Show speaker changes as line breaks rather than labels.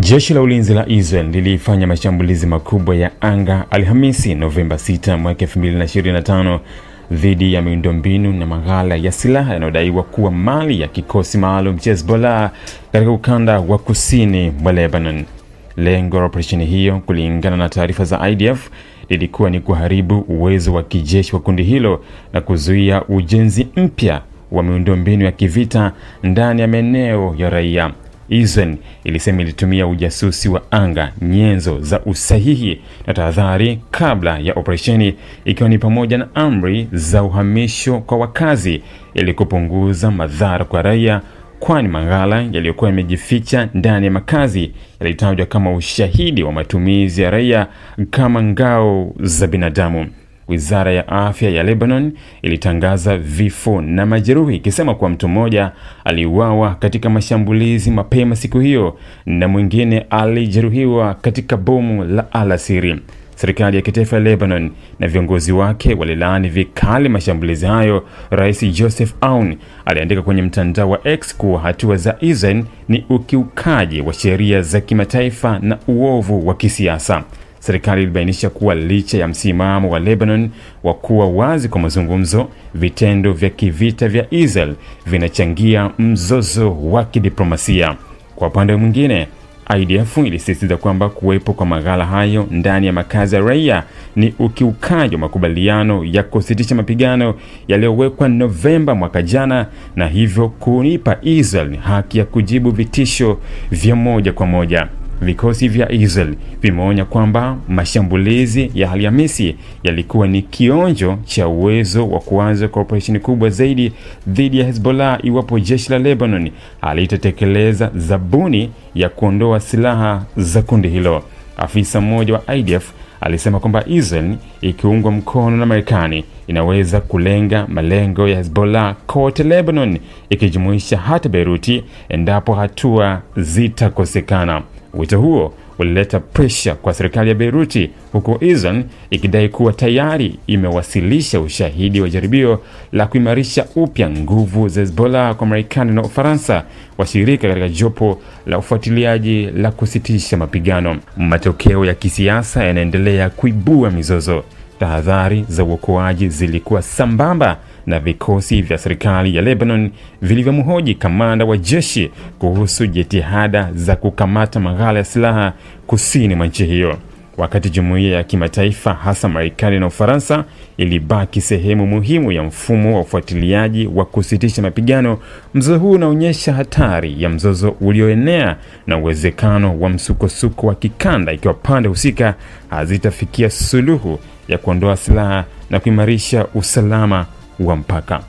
Jeshi la ulinzi la Israel lilifanya mashambulizi makubwa ya anga Alhamisi, Novemba 6 mwaka 2025 dhidi ya miundombinu na maghala ya silaha yanayodaiwa kuwa mali ya kikosi maalum cha Hezbollah katika ukanda wa kusini mwa Lebanon. Lengo la operesheni hiyo, kulingana na taarifa za IDF, lilikuwa ni kuharibu uwezo wa kijeshi wa kundi hilo na kuzuia ujenzi mpya wa miundombinu ya kivita ndani ya maeneo ya raia. Israel ilisema ilitumia ujasusi wa anga, nyenzo za usahihi na tahadhari kabla ya operesheni, ikiwa ni pamoja na amri za uhamisho kwa wakazi ili kupunguza madhara kwa raia, kwani maghala yaliyokuwa yamejificha ndani ya makazi yalitajwa kama ushahidi wa matumizi ya raia kama ngao za binadamu. Wizara ya afya ya Lebanon ilitangaza vifo na majeruhi ikisema kuwa mtu mmoja aliuawa katika mashambulizi mapema siku hiyo na mwingine alijeruhiwa katika bomu la alasiri. Serikali ya kitaifa ya Lebanon na viongozi wake walilaani vikali mashambulizi hayo. Rais Joseph Aoun aliandika kwenye mtandao wa X kuwa hatua za Israel ni ukiukaji wa sheria za kimataifa na uovu wa kisiasa. Serikali ilibainisha kuwa licha ya msimamo wa Lebanon wa kuwa wazi kwa mazungumzo, vitendo vya kivita vya Israel vinachangia mzozo wa kidiplomasia. Kwa upande mwingine, IDF ilisisitiza kwamba kuwepo kwa maghala hayo ndani ya makazi ya raia ni ukiukaji wa makubaliano ya kusitisha mapigano yaliyowekwa Novemba mwaka jana, na hivyo kuipa Israel haki ya kujibu vitisho vya moja kwa moja. Vikosi vya Israel vimeonya kwamba mashambulizi ya Alhamisi yalikuwa ni kionjo cha uwezo wa kuanza kwa operesheni kubwa zaidi dhidi ya Hezbollah iwapo jeshi la Lebanon halitatekeleza zabuni ya kuondoa silaha za kundi hilo. Afisa mmoja wa IDF alisema kwamba Israel ikiungwa mkono na Marekani inaweza kulenga malengo ya Hezbollah kote Lebanon, ikijumuisha hata Beiruti endapo hatua zitakosekana. Wito huo ulileta presha kwa serikali ya Beiruti, huku Iran ikidai kuwa tayari imewasilisha ushahidi wa jaribio la kuimarisha upya nguvu za Hezbollah kwa Marekani na Ufaransa, washirika katika jopo la ufuatiliaji la kusitisha mapigano. Matokeo ya kisiasa yanaendelea kuibua mizozo. Tahadhari za uokoaji zilikuwa sambamba na vikosi vya serikali ya Lebanon vilivyomhoji kamanda wa jeshi kuhusu jitihada za kukamata maghala ya silaha kusini mwa nchi hiyo. Wakati jumuiya ya kimataifa hasa Marekani na Ufaransa ilibaki sehemu muhimu ya mfumo wa ufuatiliaji wa kusitisha mapigano, mzozo huu unaonyesha hatari ya mzozo ulioenea na uwezekano wa msukosuko wa kikanda ikiwa pande husika hazitafikia suluhu ya kuondoa silaha na kuimarisha usalama wa mpaka.